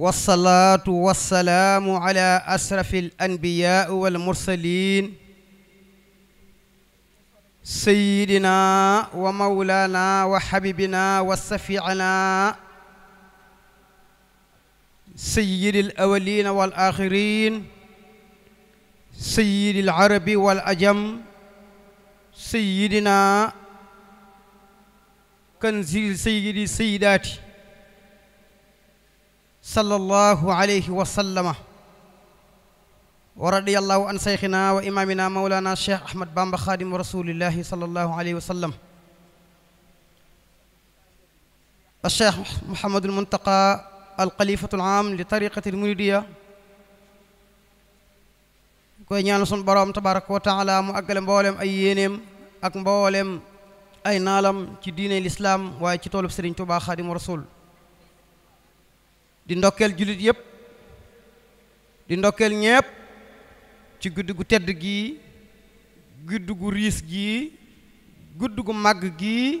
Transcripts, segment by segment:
wasalaatu wasalaamu ala asrafi al anbiyaa wal mursaliin sayyidina wa mawlaana wa xabibina wa safiicina sayyidil awwaliina wal aaxiriin sayyidil arabi wal ajam sayyidina kanzil sayyidi sayyidaati sallallahu alayhi wa sallama wa radiyallahu an seyxina wa imaamina mawlana cheikh ahmad bamba xaadimu rasulillahi sallallahu alayhi wa sallam الشيخ محمد المنتقى الخليفة العام لطريقة المريدية koy ñaanu sun boroom tabaraka wa taala mu àggale mboolem ay yéeneem ak mboolem ay naalam ci diine lislaam waaye ci toolub Sëriñ Tuubaa Xaadimu Rasuul di ndokkeel jullit yëpp di ndokkeel ñépp ci gudd gu tedd gii gudd gu riis gii gudd gu màgg gii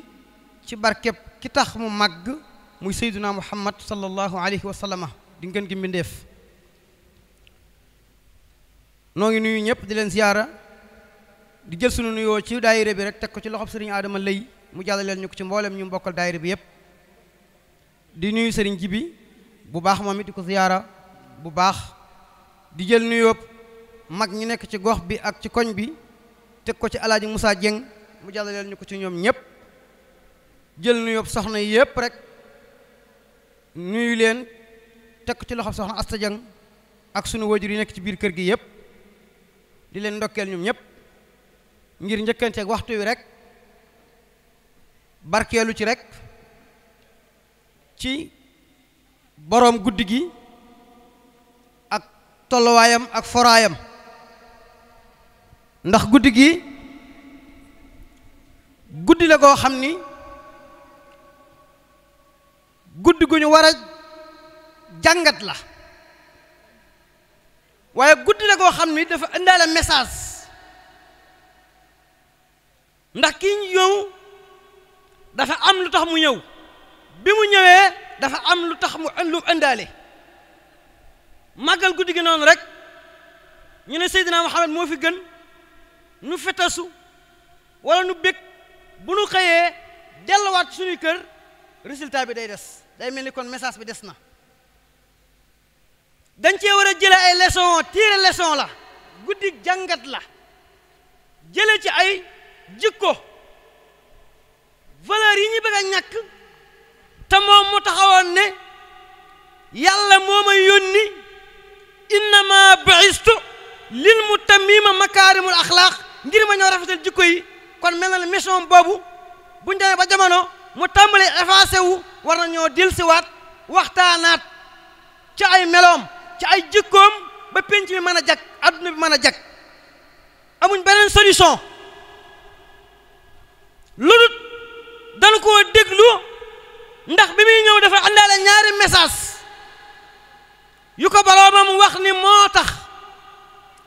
ci barkeb ki tax mu màgg muy seyduna muhammad sallallahu alayhi wa sallama di ngeen gi mbindeef noo ngi nuyu ñëpp di leen ziyaara di jël sunu nuyoo ci daayira bi rek teg ko ci loxob sëriñ Adama lay mu jàllaleel ñu ko ci mboolem ñu mbokkal daayira bi yëpp di nuyu sëriñ Jibi bu baax moom it di ko ziyaara bu baax di jël nuyoo mag ñu nekk ci gox bi ak ci koñ bi teg ko ci alaaji Moussa Dieng mu jàllaleel ñu ko ci ñoom ñëpp jël nuyoo soxna yëpp rek nuyu leen teg ko ci loxo soxna astajan ak sunu wajur yi nekk ci biir kër gi yëpp di leen ndokkeel ñoom ñëpp ngir njëkkanteeg waxtu wi rek barkeelu ci rekk ci boroom guddi gi ak tolluwaayam ak foraayam ndax guddi gi guddi la koo xam ni guddi gu ñu war a jàngat la waaye guddi la koo xam ni dafa indaale message ndax kii yow dafa am lu tax mu ñëw bi mu ñëwee dafa am lu tax mu lu indaale màggal guddi gi noonu rek ñu ne Seydina Muhammad moo fi gën nu fetasu walla nu bég bu nu xëyee delluwaat suñuy kër résultat bi day des day mel ni kon message bi des na dañ cee war a jële ay leçon tiire leçon la guddi jàngat la jële ci ay jikko valeur yi ñu bëgg a ñàkk yàlla moom ma yónni innama bu'istu lil mutammima makaarimul axlaaq ngir ma ñoo rafetal jikko yi kon mel na ne mission boobu buñ demee ba jamono mu tàmbali effacé wu war na ñoo dellusiwaat waxtaanaat ci ay meloom ci ay jikkoom ba penc bi mën a jag adduna bi mën a jag amuñ beneen solution lu dul dañ koo déglu ndax bi muy ñëw dafa àndaale ñaari message yu ko mu wax ni moo tax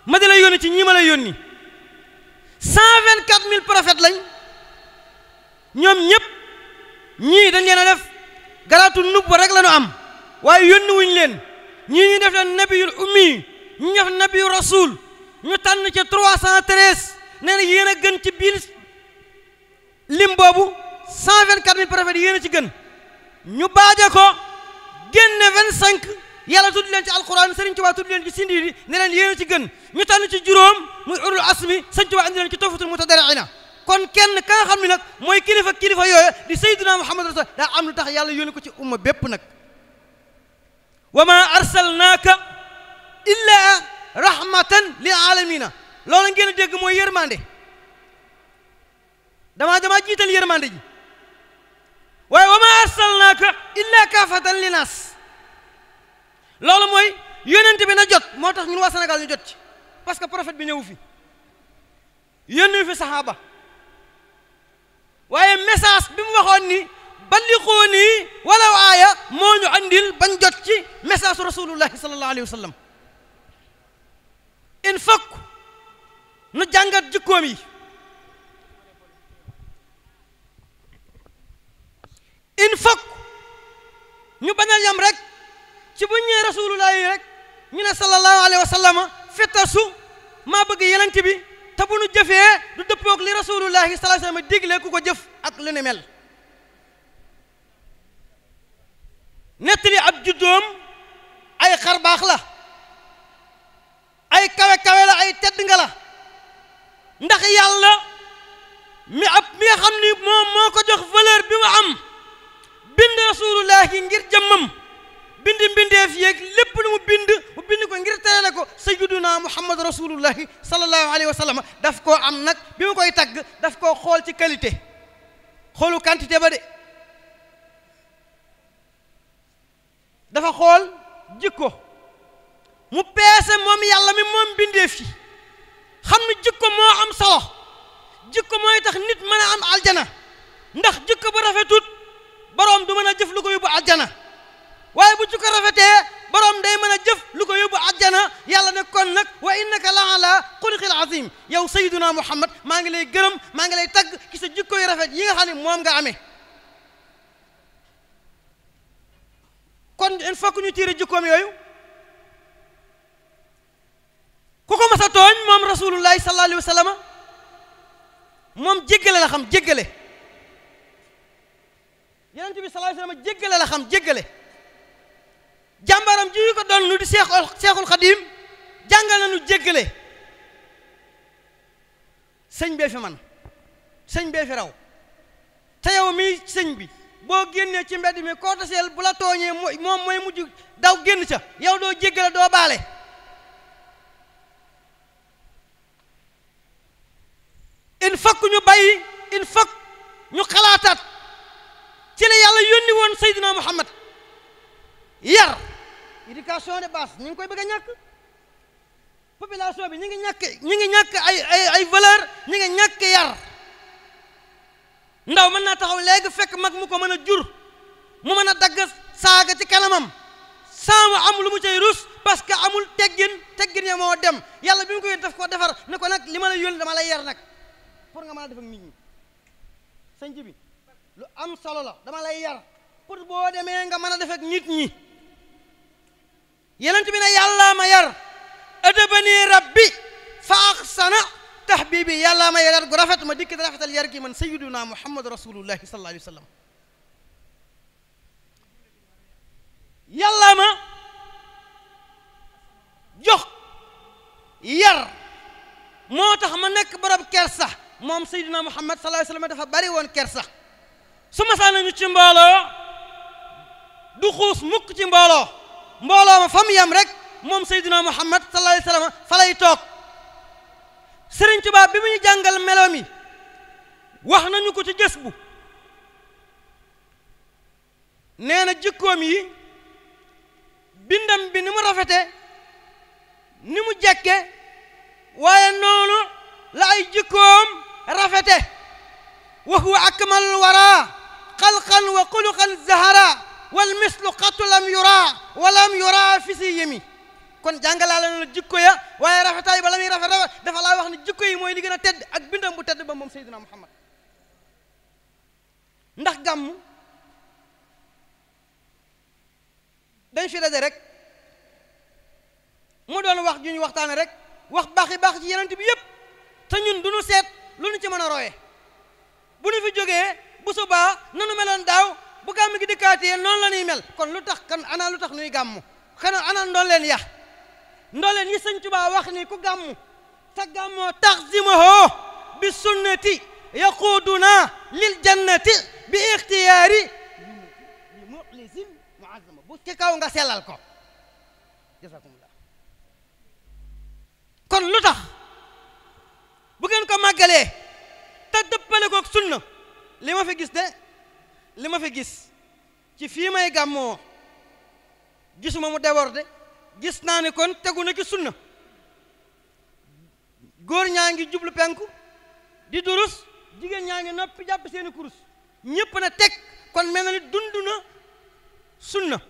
ma di la yónni ci ñii ma la yónni cent vingt quatre lañ ñoom ñëpp ñii dañ leen a def garaatu nubba rek la ñu am waaye yónni wuñ leen ñii ñu def leen nabiyul ummi ñu def nabiyu rasul ñu tànn ca trois cent treize nee na gën ci biir lim boobu cent vingt quatre mille prophètes yéen a ci gën ñu baaje ko génne vingt cinq yàlla tudd leen ci alquran Serigne Touba tudd leen ci sindiidi ne leen ci gën ñu tànn ci juróom muy ulul asmi Serigne Touba andi leen ci tawfatul mutadarriina kon kenn ka nga xam ne nag mooy kilifa kilifa yooyu di sayyidina Muhammad rasul daa am lu tax yàlla yónni ko ci umma bépp nag wa ma arsalnaaka illaa rahmatan lil aalamiina loolu ngeen a dégg mooy yërmande damaa damaa jiital yërmande ji waaye wa ma arsalnaaka illaa kaafatan linaas loolu mooy yonent bi na jot moo tax ñun waa Sénégal ñu jot ci parce que prophète bi ñëw fi yónni fi saxaaba waaye message bi mu waxoon ni balliqoo nii wala aaya moo ñu andil bañ jot ci message rasulullahi sallallahu alayhi wa sallam il faut nu jàngat jikkoom yi il faut ñu bañ a yam rek ci buñ ñëwee rasulullah yi rek ñu ne sallallahu alayhi wa sallam fetasu maa bëgg yelent bi te bu nu jëfee du dëppoog li rasulullahi sallallahu alayhi digle ku ko jëf ak lu ne mel nettali ab juddoom ay xar la ay kawe kawe la ay tedd nga la ndax yàlla mi ab mi nga xam ni moom moo ko jox valeur bi mu am bind rasulullahi ngir jëmmam bind mbindeef yeeg lépp lu mu bind mu bind ko ngir terale ko sayyiduna muhammad rasulullahi sallallahu alayhi wa sallam daf koo am nag bi mu koy tagg daf koo xool ci qualité xoolu quantité ba de dafa xool jikko mu peese moom yàlla mi moom mbindeef yi xam ne jikko moo am solo jikko mooy tax nit mën a am aljana ndax jikko ba rafetut boroom du mën a jëf lu ko yóbbu aljana waaye bu ci ko rafetee borom day mën a jëf lu ko yóbbu àjjana yàlla ne kon nag wa innaka la ala xuluqil azim yow sayiduna muhammad maa ngi lay gërëm maa ngi lay tagg ki sa jikko yu rafet yi nga xam ne moom nga amee kon il faut que ñu tiire jikkoom yooyu ku ko mas tooñ moom rasulullahi sallallahu alayhi wa moom jéggale la xam jéggale yonent bi sallallahu alayhi wa la xam jéggale jàmbaram ji ñu ko doon di seexul seexul xadiim jàngal na nu jéggale sëñ bee fi man sëñ bee fi raw te yow mii sëñ bi boo génnee ci mbedd mi koo taseel bu la tooñee moom mooy mujj daw génn sa yow doo jéggale doo baale population de base ñu ngi koy bëgg a ñàkk population bi ñu ngi ñàkk ñu ngi ñàkk ay ay ay valeur ñu ngi ñàkk yar ndaw mën naa taxaw léegi fekk mag mu ko mën a jur mu mën a dagg saaga ci kanamam sans mu am lu mu cay rus parce que amul teggin teggin ya moo dem yàlla bi mu ko yónni daf ko defar ni ko nag li ma la yónni dama lay yar nag pour nga mën a def nit ñi sëñ bi lu am solo la dama lay yar pour boo demee nga mën a def nit ñi yonent bi ne yàllaa ma yar adabani rabbi fa axsana tahbibi yàllaa ma yar gu rafet ma dikk rafetal yar gi man sayyiduna muhammad rasulullahi sallallahu alayhi wa sallam yàllaa jox yar moo tax ma nekk borom kersa moom sayyiduna muhammad sallallahu alayhi wa sallam dafa bari woon kersa su ma saa nañu ci du xuus mukk ci mbooloo mbooloo ma fa rek moom Seydina Muhammad sallallahu alayhi wa sallam toog Sëriñ Tuubaa bi mu ñu jàngal wax nañu ko ci jës bu nee na jikkoom yi bindam bi ni mu rafete ni mu jekke waaye noonu la ay jikkoom rafete wa huwa akmalul wara xalqan wa xuluqan zahara wal mislu xattu lam yura am yura fi si yemi kon jàngalaa la na jikko ya waaye rafetaay ba la muy rafet rafet dafa laa wax ne jikko yi mooy li gën a tedd ak bindam bu tedd ba moom Seydina Muhammad ndax gàmmu dañ fi daje rek mu doon wax ju ñu waxtaane rek wax baaxi baax ci yenent bi yëpp te ñun du ñu seet lu ñu ci mën a roye bu ñu fi jógee bu subaa nanu meloon daaw bu gàmm gi dikkaatee noonu la ñuy mel kon lu tax kan ana lu tax nuy gàmm xana ana ndooleen ya ndooleen yi sëñ Tuubaa wax ni ku gàmm te gàmmoo taxzimaho bi sunnati yaquuduna lil jannati bi ixtiyaari muxlisin ci kaw nga selal ko jasakumullah kon lu tax bu ngeen ko màggalee te dëppale ko sunna li ma fi gis de li ma fi gis ci fii may gàmmoo gisuma mu déborde gis naa ni kon tegu na ci sunna góor ñaa ngi jublu penku di durus jigéen ñaa ngi noppi jàpp seeni kurus ñépp na teg kon mel na ni dund na sunna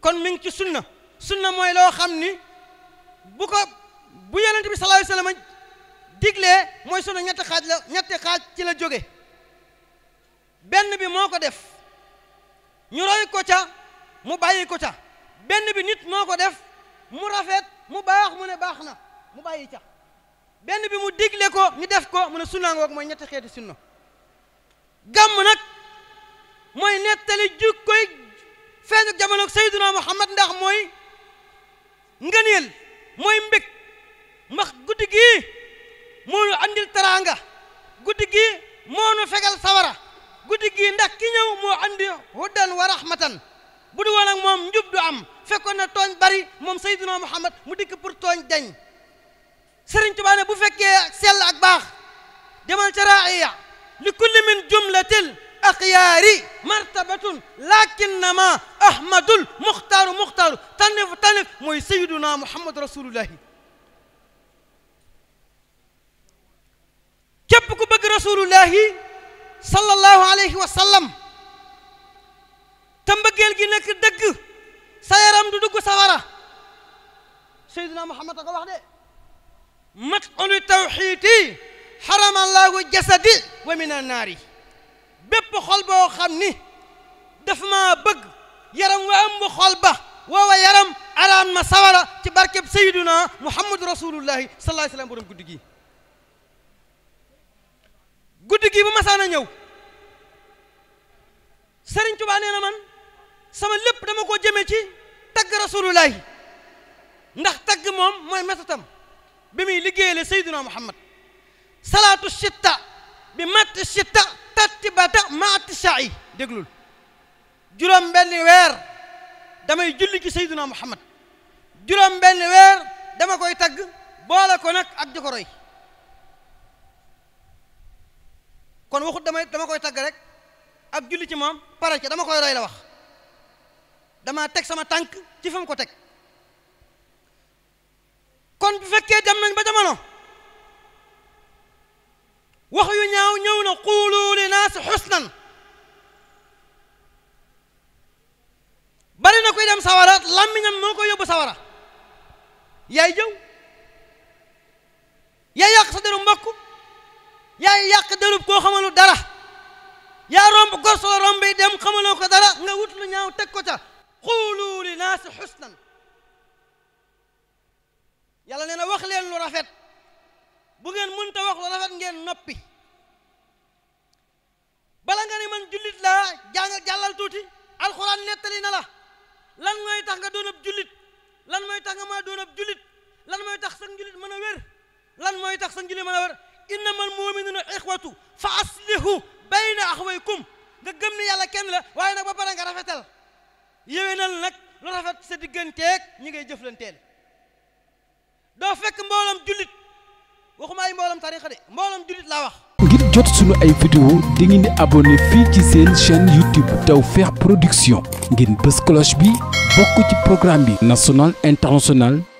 kon mi ci sunna sunna mooy loo xam ni bu ko bu yonent bi sallallahu alayhi wasallam mooy sunna ñetti xaaj la ñetti xaaj ci la jóge benn bi moo ko def ñu roy ko ca mu bàyyi ko ca benn bi nit moo ko def mu rafet mu baax mu ne baax na mu bàyyi ca benn bi mu digle ko ñu def ko mu ne sunna ngoog mooy ñetti xeeti sunna gàmm nag mooy nettali jukkoy feeñ ak jamono sayyiduna muhammad ndax mooy ngëneel mooy mbég ndax guddi gii moo nu andil teraanga guddi gii moo nu fegal sawara guddi gii ndax ki ñëw moo andi huddan wa rahmatan bu du woon ak moom njub am fekkoon na tooñ bari moom sayduna mu dikk pour tooñ dañ sëriñ Tuubaa bu fekkee sell ak baax demal ca raaya li kulli min jumlatil axyaari martabatun lakinnama ahmadul muxtaaru muxtaaru tànnif tànnif mooy sayduna muhammad rasulullahi sallallahu alayhi wa sallam te mbëggeel gi nekk dëgg sa yaram du dugg sawara seydina muhammad a wax de mat olu tawxiiti xaramallahu jasadi wa min an naari bépp xol boo xam ni daf maa bëgg yaram wa ëmb xol ba woowa yaram araan ma sawara ci barkeb seyduna muhammadu rasulullahi sallallahu alayhi wa sallam borom guddi gi guddi gii bu masaana ñëw Serigne Touba na man sama lépp dama koo jëmee ci tagg rasulullahi ndax tagg moom mooy metatam bi muy liggéeyale Seydina Muhammad salaatu sitta bi matti sitta tatti bata matti sa'i déglul juróom benn weer damay julli ci Seydina Muhammad juróom benn weer dama koy tagg boole ko nag ak di kon waxut damay dama koy tagg rek ab julli ci moom pare ci dama koy roy la wax dama teg sama tànk ci fi mu ko teg kon bi fekkee dem nañ ba jamono wax yu ñaaw ñëw na quulu li naas xusnan bari na koy dem sawara làmmiñam moo koy yóbbu sawara yaay jëw yaay yàq sa deru mbokk yaa ngi yàq derub koo xamalu dara yaa romb gor solo romb yi dem xamaloo ko dara nga wut lu ñaaw teg ko ca xuulu li naasi xusnan yàlla nee wax leen lu rafet bu ngeen mënta wax lu rafet ngeen noppi bala nga ne man jullit laa jàng jàllal tuuti alxuraan nettali na la lan mooy tax nga doon ab jullit lan mooy tax nga mën a doon jullit lan mooy tax sa njullit mën a wér lan mooy tax sa njullit mën a wér innama almuminuuna ixwatu fa aslihu bayna axwaykum nga gëm ni yàlla kenn la waaye nag ba pare nga rafetal yéwénal nag lu rafet sa digganteeg ñi ngay jëflanteel doo fekk mbooloom jullit waxuma ay mbooloom tarixa de mbooloom jullit laa wax ngir jot suñu ay vidéo di ngeen di abonné fii ci seen chaîne YouTube Tawfekh Production ngeen bës cloche bi bokk ci programme bi national international